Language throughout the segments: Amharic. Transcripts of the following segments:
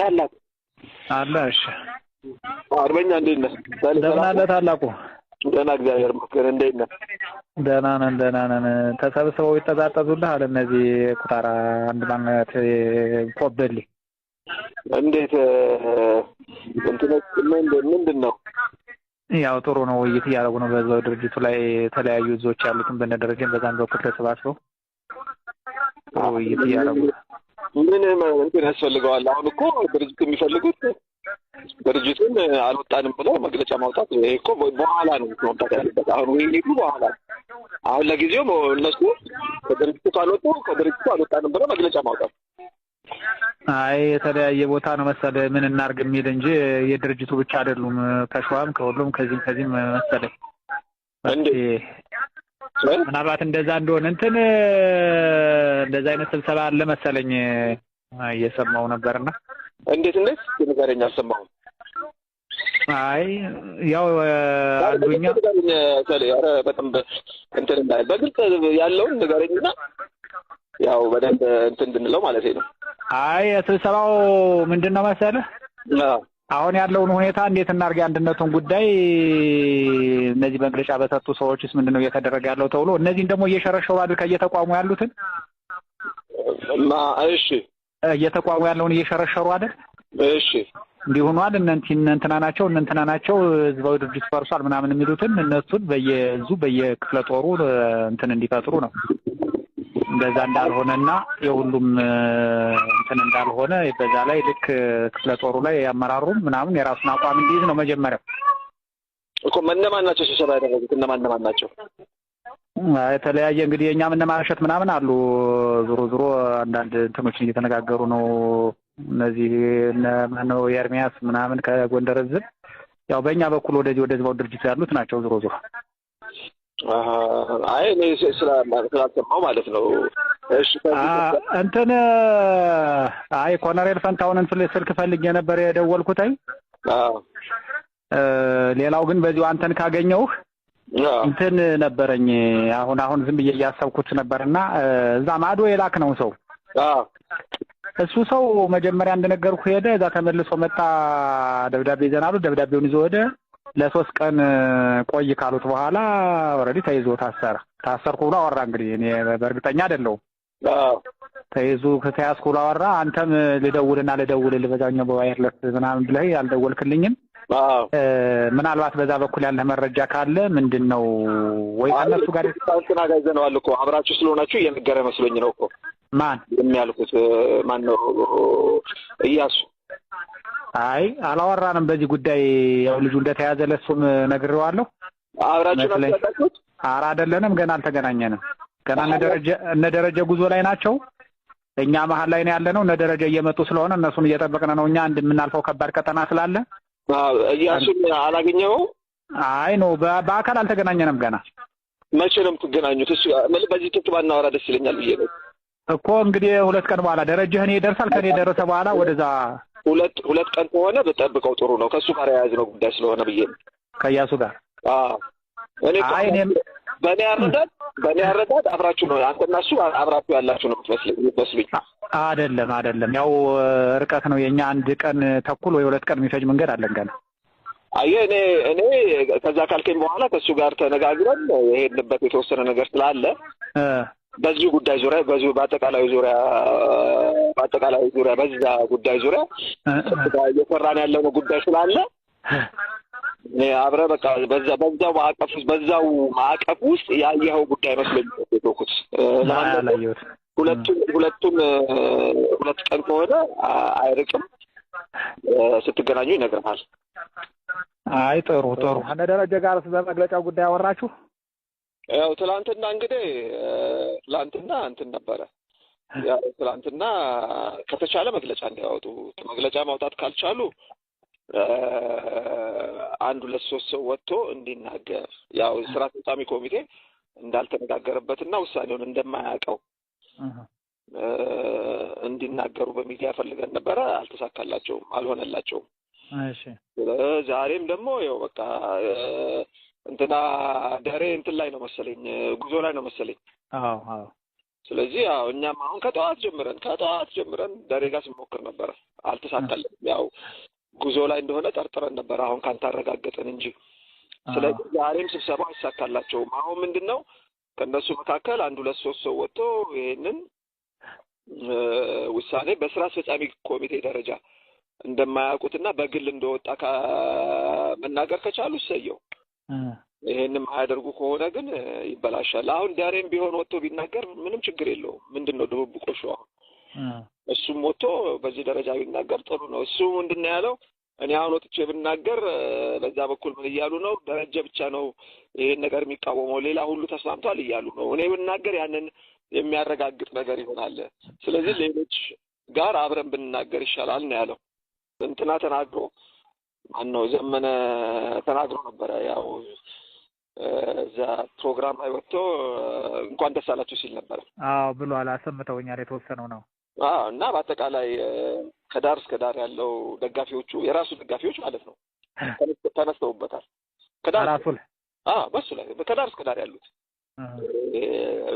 ታላቁ አለ። እሺ አርበኛ እንዴት ነህ? እንደምን አለ ታላቁ? ደህና እግዚአብሔር ይመስገን። እንዴት ነህ? ደህና ነን፣ ደህና ነን። ተሰብስበው ይጠዛጠዙልህ አለ እነዚህ ቁጣራ አንድ ማነት ቆበል እንዴት እንትነት ምንድን ነው? ያው ጥሩ ነው። ውይይት እያደረጉ ነው። በዛው ድርጅቱ ላይ የተለያዩ እዞች ያሉትን በነ ደረጀን በዛን በኩል ተሰባስበው ውይይት እያደረጉ ነው። ምንም እንትን ያስፈልገዋል? አሁን እኮ ድርጅት የሚፈልጉት ድርጅቱን አልወጣንም ብለው መግለጫ ማውጣት። ይሄ እኮ በኋላ ነው መውጣት ያለበት። አሁን ውይይቱ በኋላ አሁን ለጊዜው እነሱ ከድርጅቱ ካልወጡ ከድርጅቱ አልወጣንም ብለው መግለጫ ማውጣት አይ የተለያየ ቦታ ነው መሰለ ምን እናርግ የሚል እንጂ የድርጅቱ ብቻ አይደሉም። ከሸዋም ከሁሉም ከዚህም ከዚህም መሰለ እንዴ ምናልባት እንደዛ እንደሆነ እንትን እንደዛ አይነት ስብሰባ አለ መሰለኝ እየሰማው ነበርና እንዴት እንዴት ንገረኝ፣ አልሰማሁም። አይ ያው አንዱኛ በጣም እንትን እንዳል በግልጽ ያለውን ንገረኝና ያው በደንብ እንትን እንድንለው ማለት ነው። አይ ስብሰባው ምንድን ነው መሰለህ አሁን ያለውን ሁኔታ እንዴት እናርገ የአንድነቱን ጉዳይ እነዚህ መግለጫ በሰጡ ሰዎችስ ምንድን ነው እየተደረገ ያለው ተብሎ እነዚህን ደግሞ እየሸረሸሩ አድርግ እየተቋሙ ያሉትን እሺ፣ እየተቋሙ ያለውን እየሸረሸሩ አይደል? እሺ፣ እንዲሁኗል ሆኗል። እነ እንትና ናቸው እነ እንትና ናቸው ህዝባዊ ድርጅት ፈርሷል ምናምን የሚሉትን እነሱን በየዙ በየክፍለ ጦሩ እንትን እንዲፈጥሩ ነው። በዛ እንዳልሆነና የሁሉም እንትን እንዳልሆነ በዛ ላይ ልክ ክፍለ ጦሩ ላይ ያመራሩም ምናምን የራሱን አቋም እንዲይዝ ነው መጀመሪያው እኮ እነማን ናቸው ስብሰባ ያደረጉት? እነማን እነማን ናቸው? የተለያየ እንግዲህ የእኛም እነማሸት ምናምን አሉ። ዞሮ ዞሮ አንዳንድ እንትኖችን እየተነጋገሩ ነው። እነዚህ ነው የእርሚያስ ምናምን ከጎንደር ያው በእኛ በኩል ወደዚህ ወደዚህ ህዝባው ድርጅት ያሉት ናቸው። ዞሮ ዞሮ አይ እኔ ስላልሰማው ማለት ነው። እንትን አይ ኮሎኔል ፈንታሁንን ስልክ ፈልጌ ነበር የደወልኩትኝ። ሌላው ግን በዚሁ አንተን ካገኘውህ እንትን ነበረኝ። አሁን አሁን ዝም ብዬ እያሰብኩት ነበርና እዛ ማዶ የላክ ነው ሰው እሱ ሰው መጀመሪያ እንደነገርኩ ሄደ። እዛ ተመልሶ መጣ። ደብዳቤ ይዘናሉ። ደብዳቤውን ይዞ ወደ ለሶስት ቀን ቆይ ካሉት በኋላ ወረዲ ተይዞ ታሰረ። ታሰርኩ ብሎ አወራ። እንግዲህ እኔ በእርግጠኛ አይደለሁም። ተይዙ ከተያዝኩ ብሎ አወራ። አንተም ልደውልና ልደውልልህ በዛኛው በዋይርለስ ምናምን ብለህ አልደወልክልኝም። ምናልባት በዛ በኩል ያለ መረጃ ካለ ምንድን ነው ወይ ከነሱ ጋር ሳንስና እኮ አብራችሁ ስለሆናችሁ እየነገረ መስሎኝ ነው እኮ ማን የሚያልኩት ማን ነው እያሱ አይ አላወራንም በዚህ ጉዳይ። ያው ልጁ እንደተያዘ ለሱም ነግሬዋለሁ። አብራችሁ ናቸው? ኧረ አይደለንም፣ ገና አልተገናኘንም። ገና እነ ደረጀ ጉዞ ላይ ናቸው። እኛ መሀል ላይ ነው ያለ ነው። እነ ደረጀ እየመጡ ስለሆነ እነሱን እየጠበቅን ነው። እኛ አንድ የምናልፈው ከባድ ቀጠና ስላለ እያሱን አላገኘኸውም? አይ ኖ በአካል አልተገናኘንም ገና። መቼ ነው የምትገናኙት? እሱ በዚህ ትክ ባናወራ ደስ ይለኛል ብዬ ነው እኮ እንግዲህ ሁለት ቀን በኋላ ደረጀህ እኔ ይደርሳል። ከኔ የደረሰ በኋላ ወደዛ ሁለት ሁለት ቀን ከሆነ ብጠብቀው ጥሩ ነው። ከእሱ ጋር የያዝነው ጉዳይ ስለሆነ ብዬ ከእያሱ ጋር በእኔ አረዳድ በእኔ አረዳድ አብራችሁ ነው አንተና እሱ አብራችሁ ያላችሁ ነው የምትመስሉኝ። አይደለም አደለም። ያው ርቀት ነው የእኛ አንድ ቀን ተኩል ወይ ሁለት ቀን የሚፈጅ መንገድ አለን ገና አየህ እኔ እኔ ከዛ ካልከኝ በኋላ ከእሱ ጋር ተነጋግረን የሄድንበት የተወሰነ ነገር ስላለ በዚህ ጉዳይ ዙሪያ በዚሁ በአጠቃላይ ዙሪያ በአጠቃላይ ዙሪያ በዛ ጉዳይ ዙሪያ እየሰራን ያለነው ጉዳይ ስላለ አብረ በቃ በዛ በዛው ማዕቀፍ ውስጥ በዛው ማዕቀፍ ውስጥ ያየኸው ጉዳይ መስሎኝ የዶኩት ሁለቱም ሁለቱም ሁለት ቀን ከሆነ አይርቅም። ስትገናኙ ይነግርሃል። አይ ጥሩ ጥሩ። እነ ደረጀ ጋር በመግለጫው ጉዳይ አወራችሁ? ያው ትላንትና እንግዲህ ትላንትና እንትን ነበረ። ያው ትላንትና ከተቻለ መግለጫ እንዲያወጡ መግለጫ ማውጣት ካልቻሉ አንድ ሁለት ሶስት ሰው ወጥቶ እንዲናገር ያው ስራ አስፈጻሚ ኮሚቴ እንዳልተነጋገረበትና ውሳኔውን እንደማያውቀው እንዲናገሩ በሚዲያ ፈልገን ነበረ። አልተሳካላቸውም፣ አልሆነላቸውም። ዛሬም ደግሞ ያው በቃ እንትና ደሬ እንትን ላይ ነው መሰለኝ ጉዞ ላይ ነው መሰለኝ። አዎ አዎ። ስለዚህ ያው እኛም አሁን ከጠዋት ጀምረን ከጠዋት ጀምረን ደሬ ጋር ስንሞክር ነበረ፣ አልተሳካልን። ያው ጉዞ ላይ እንደሆነ ጠርጥረን ነበረ አሁን አረጋገጠን እንጂ። ስለዚህ ዛሬም ስብሰባ አይሳካላቸውም። አሁን ምንድን ነው ከእነሱ መካከል አንድ ሁለት ሶስት ሰው ወጥቶ ይሄንን ውሳኔ በስራ አስፈጻሚ ኮሚቴ ደረጃ እንደማያውቁትና በግል እንደወጣ ከመናገር ከቻሉ ሰየው ይሄንም አያደርጉ ከሆነ ግን ይበላሻል። አሁን ዳሬም ቢሆን ወጥቶ ቢናገር ምንም ችግር የለውም። ምንድን ነው ድብብቆሹ? አሁን እሱም ወጥቶ በዚህ ደረጃ ቢናገር ጥሩ ነው። እሱ ምንድን ነው ያለው? እኔ አሁን ወጥቼ ብናገር በዛ በኩል ምን እያሉ ነው? ደረጀ ብቻ ነው ይሄን ነገር የሚቃወመው፣ ሌላ ሁሉ ተስማምቷል እያሉ ነው። እኔ ብናገር ያንን የሚያረጋግጥ ነገር ይሆናል። ስለዚህ ሌሎች ጋር አብረን ብንናገር ይሻላል ነው ያለው። እንትና ተናግሮ ማነው ዘመነ ተናግሮ ነበረ። ያው እዛ ፕሮግራም ላይ ወጥቶ እንኳን ደስ አላችሁ ሲል ነበረ። አዎ ብሏል። አሰምተውኛል። የተወሰነው ነው እና በአጠቃላይ ከዳር እስከ ዳር ያለው ደጋፊዎቹ የራሱ ደጋፊዎች ማለት ነው ተነስተውበታል። ከዳር ራሱ በሱ ላይ ከዳር እስከ ዳር ያሉት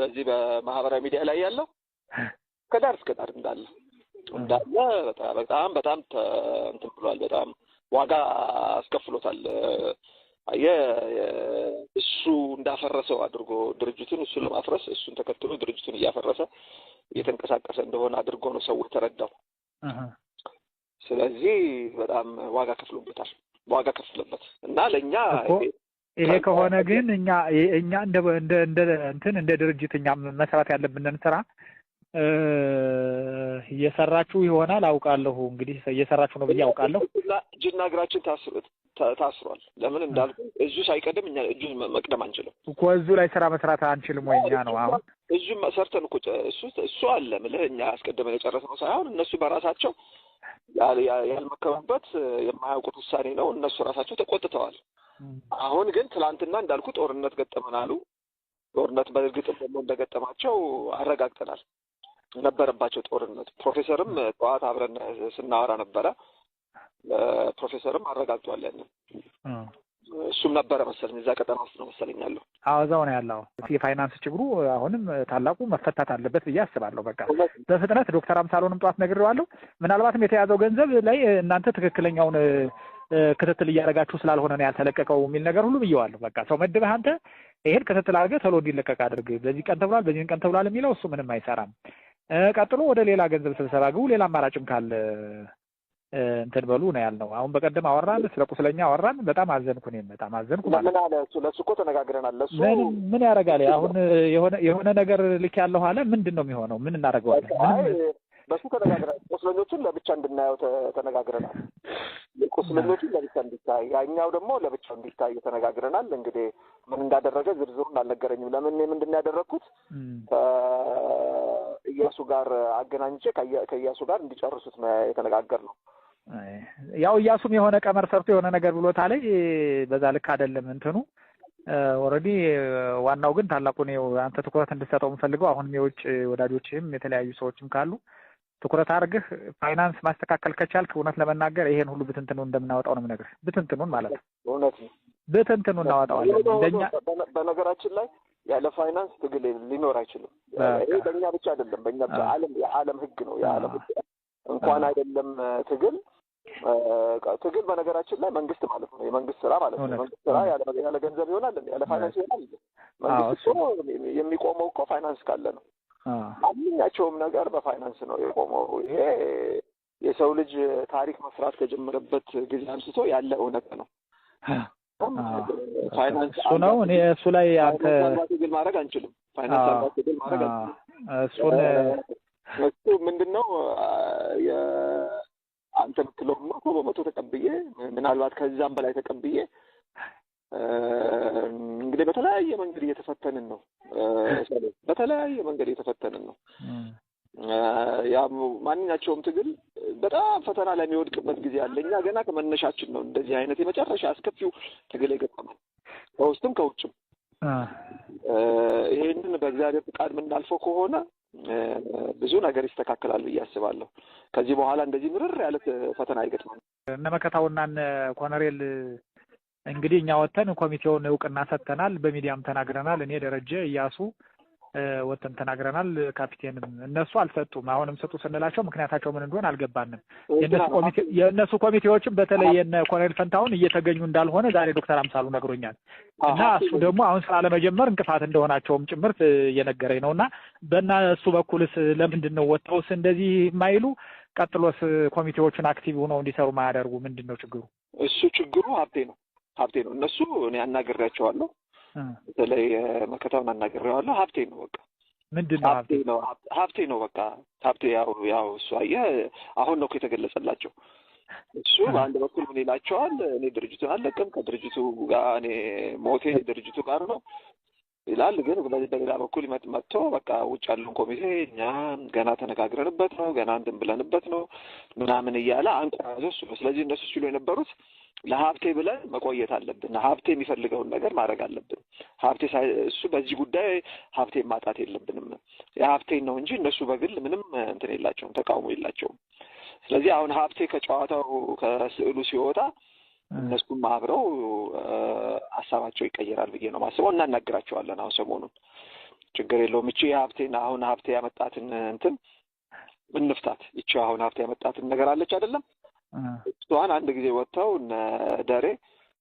በዚህ በማህበራዊ ሚዲያ ላይ ያለው ከዳር እስከ ዳር እንዳለ እንዳለ በጣም በጣም በጣም እንትን ብሏል። በጣም ዋጋ አስከፍሎታል። እሱ እንዳፈረሰው አድርጎ ድርጅቱን እሱን ለማፍረስ እሱን ተከትሎ ድርጅቱን እያፈረሰ እየተንቀሳቀሰ እንደሆነ አድርጎ ነው ሰው የተረዳው። ስለዚህ በጣም ዋጋ ከፍሎበታል። ዋጋ ከፍለበት እና ለእኛ ይሄ ከሆነ ግን እኛ እኛ እንደ እንደ እንትን እንደ ድርጅት እኛ መስራት ያለብንን ስራ እየሰራችሁ ይሆናል አውቃለሁ። እንግዲህ እየሰራችሁ ነው ብዬ አውቃለሁ። እጅና እግራችን ታስሯል። ለምን እንዳልኩ እዙ ሳይቀድም እኛ እጁ መቅደም አንችልም እኮ እዙ ላይ ስራ መስራት አንችልም ወይ እኛ ነው አሁን እዙ ሰርተን እኮ እሱ እሱ አለ ምልህ እኛ አስቀድመን የጨረስነው ሳይሆን እነሱ በራሳቸው ያልመከሙበት የማያውቁት ውሳኔ ነው። እነሱ ራሳቸው ተቆጥተዋል። አሁን ግን ትላንትና እንዳልኩ ጦርነት ገጠመን አሉ። ጦርነት በእርግጥም ደግሞ እንደገጠማቸው አረጋግጠናል። ነበረባቸው ጦርነት። ፕሮፌሰርም ጠዋት አብረን ስናወራ ነበረ። ፕሮፌሰርም አረጋግጧል ያንን እሱም ነበረ መሰለኝ እዛ ቀጠና ውስጥ ነው መሰለኝ ያለው። አዎ እዛው ነው ያለው። የፋይናንስ ችግሩ አሁንም ታላቁ መፈታት አለበት ብዬ አስባለሁ። በቃ በፍጥነት ዶክተር አምሳሎንም ጠዋት ነግሬዋለሁ። ምናልባትም የተያዘው ገንዘብ ላይ እናንተ ትክክለኛውን ክትትል እያደረጋችሁ ስላልሆነ ነው ያልተለቀቀው የሚል ነገር ሁሉ ብየዋለሁ። በቃ ሰው መድበህ አንተ ይሄን ክትትል አድርገህ ቶሎ እንዲለቀቅ አድርግ፣ በዚህ ቀን ተብሏል፣ በዚህን ቀን ተብሏል የሚለው እሱ ምንም አይሰራም። ቀጥሎ ወደ ሌላ ገንዘብ ስብሰባ ግቡ፣ ሌላ አማራጭም ካለ እንትን በሉ ነው ያልነው። አሁን በቀደም አወራን፣ ስለ ቁስለኛ አወራን። በጣም አዘንኩ፣ እኔም በጣም አዘንኩ። ምን አለ እሱ? ለእሱ እኮ ተነጋግረናል። ለእሱ ምን ያደርጋል? አሁን የሆነ ነገር ልክ ያለሁ አለ። ምንድን ነው የሚሆነው? ምን እናደርገዋለን? በሱ ተነጋግረናል። ቁስለኞቹን ለብቻ እንድናየው ተነጋግረናል። ቁስለኞቹን ለብቻ እንዲታይ፣ ያኛው ደግሞ ለብቻው እንዲታይ ተነጋግረናል። እንግዲህ ምን እንዳደረገ ዝርዝሩን አልነገረኝም። ለምን ምንድን ነው ያደረግኩት እያሱ ጋር አገናኝቼ ከእያሱ ጋር እንዲጨርሱት የተነጋገር ነው። ያው እያሱም የሆነ ቀመር ሰርቶ የሆነ ነገር ላይ በዛ ልክ አይደለም እንትኑ ኦልሬዲ። ዋናው ግን ታላቁ ነው። አንተ ትኩረት እንድሰጠው የምፈልገው አሁንም የውጭ ወዳጆችም የተለያዩ ሰዎችም ካሉ ትኩረት አድርግህ ፋይናንስ ማስተካከል ከቻልክ እውነት ለመናገር ይሄን ሁሉ ብትንትኑን እንደምናወጣው ነው የምነግርህ። ብትንትኑን ማለት ነው። እውነት ነው። ብትንትኑን እናወጣዋለን። በነገራችን ላይ ያለ ፋይናንስ ትግል ሊኖር አይችልም። ይሄ በእኛ ብቻ አይደለም፣ በእኛ በዓለም የዓለም ህግ ነው። የዓለም ህግ እንኳን አይደለም ትግል ትግል በነገራችን ላይ መንግስት ማለት ነው፣ የመንግስት ስራ ማለት ነው። መንግስት ስራ ያለ ገንዘብ ይሆናል? ያለ ፋይናንስ ይሆናል? መንግስት እኮ የሚቆመው እኮ ፋይናንስ ካለ ነው። ማንኛቸውም ነገር በፋይናንስ ነው የቆመው። ይሄ የሰው ልጅ ታሪክ መስራት ከጀመረበት ጊዜ አንስቶ ያለ እውነት ነው። እሱ ነው። እኔ እሱ ላይ አንተ ትግል ማድረግ አንችልም። ፋይናንስ አልባ ማድረግ አንችልም። እሱ ምንድን ነው አንተ ምትለው ነው በመቶ ተቀብዬ ምናልባት ከዛም በላይ ተቀብዬ እንግዲህ በተለያየ መንገድ እየተፈተንን ነው። በተለያየ መንገድ እየተፈተንን ነው። ያ ማንኛቸውም ትግል በጣም ፈተና ለሚወድቅበት ጊዜ አለ። እኛ ገና ከመነሻችን ነው እንደዚህ አይነት የመጨረሻ አስከፊው ትግል የገጠመን በውስጥም ከውጭም። ይሄንን በእግዚአብሔር ፍቃድ የምናልፈው ከሆነ ብዙ ነገር ይስተካከላል ብዬ አስባለሁ። ከዚህ በኋላ እንደዚህ ምርር ያለ ፈተና አይገጥመም። እነ መከታውና እነ ኮነሬል እንግዲህ እኛ ወተን ኮሚቴውን እውቅና ሰጥተናል፣ በሚዲያም ተናግረናል። እኔ ደረጀ እያሱ ወጥተን ተናግረናል። ካፒቴንም እነሱ አልሰጡም። አሁንም ስጡ ስንላቸው ምክንያታቸው ምን እንደሆነ አልገባንም። የእነሱ ኮሚቴዎችም በተለይ የነ ኮሎኔል ፈንታሁን እየተገኙ እንዳልሆነ ዛሬ ዶክተር አምሳሉ ነግሮኛል እና እሱ ደግሞ አሁን ስራ ለመጀመር እንቅፋት እንደሆናቸውም ጭምርት እየነገረኝ ነው እና በእነሱ በኩልስ ለምንድን ነው ወጥተውስ እንደዚህ የማይሉ ቀጥሎስ ኮሚቴዎቹን አክቲቭ ሆነው እንዲሰሩ ማያደርጉ ምንድን ነው ችግሩ? እሱ ችግሩ ሀብቴ ነው ሀብቴ ነው። እነሱ እኔ በተለይ መከታውን አናግሬዋለሁ። ሀብቴ ነው በቃ ምንድን ነው ሀብቴ ነው ሀብቴ ነው በቃ ሀብቴ ያው ያው እሱ አየ አሁን ነው የተገለጸላቸው። እሱ በአንድ በኩል ምን ይላቸዋል? እኔ ድርጅቱን አለቅም ከድርጅቱ ጋር እኔ ሞቴ ድርጅቱ ጋር ነው ይላል። ግን በሌላ በኩል ይመጥ መጥቶ በቃ ውጭ ያለውን ኮሚቴ እኛ ገና ተነጋግረንበት ነው ገና እንትን ብለንበት ነው ምናምን እያለ አንቆራዞ እሱ ነው። ስለዚህ እነሱ ሲሉ የነበሩት ለሀብቴ ብለን መቆየት አለብን፣ ሀብቴ የሚፈልገውን ነገር ማድረግ አለብን። ሀብቴ እሱ በዚህ ጉዳይ ሀብቴን ማጣት የለብንም። የሀብቴን ነው እንጂ እነሱ በግል ምንም እንትን የላቸውም፣ ተቃውሞ የላቸውም። ስለዚህ አሁን ሀብቴ ከጨዋታው ከስዕሉ ሲወጣ እነሱም አብረው ሀሳባቸው ይቀየራል ብዬ ነው ማስበው። እናናግራቸዋለን። አሁን ሰሞኑን ችግር የለውም። እቺ ሀብቴን አሁን ሀብቴ ያመጣትን እንትን እንፍታት። እቺ አሁን ሀብቴ ያመጣትን ነገር አለች አይደለም? እሷን አንድ ጊዜ ወጥተው እነ ደሬ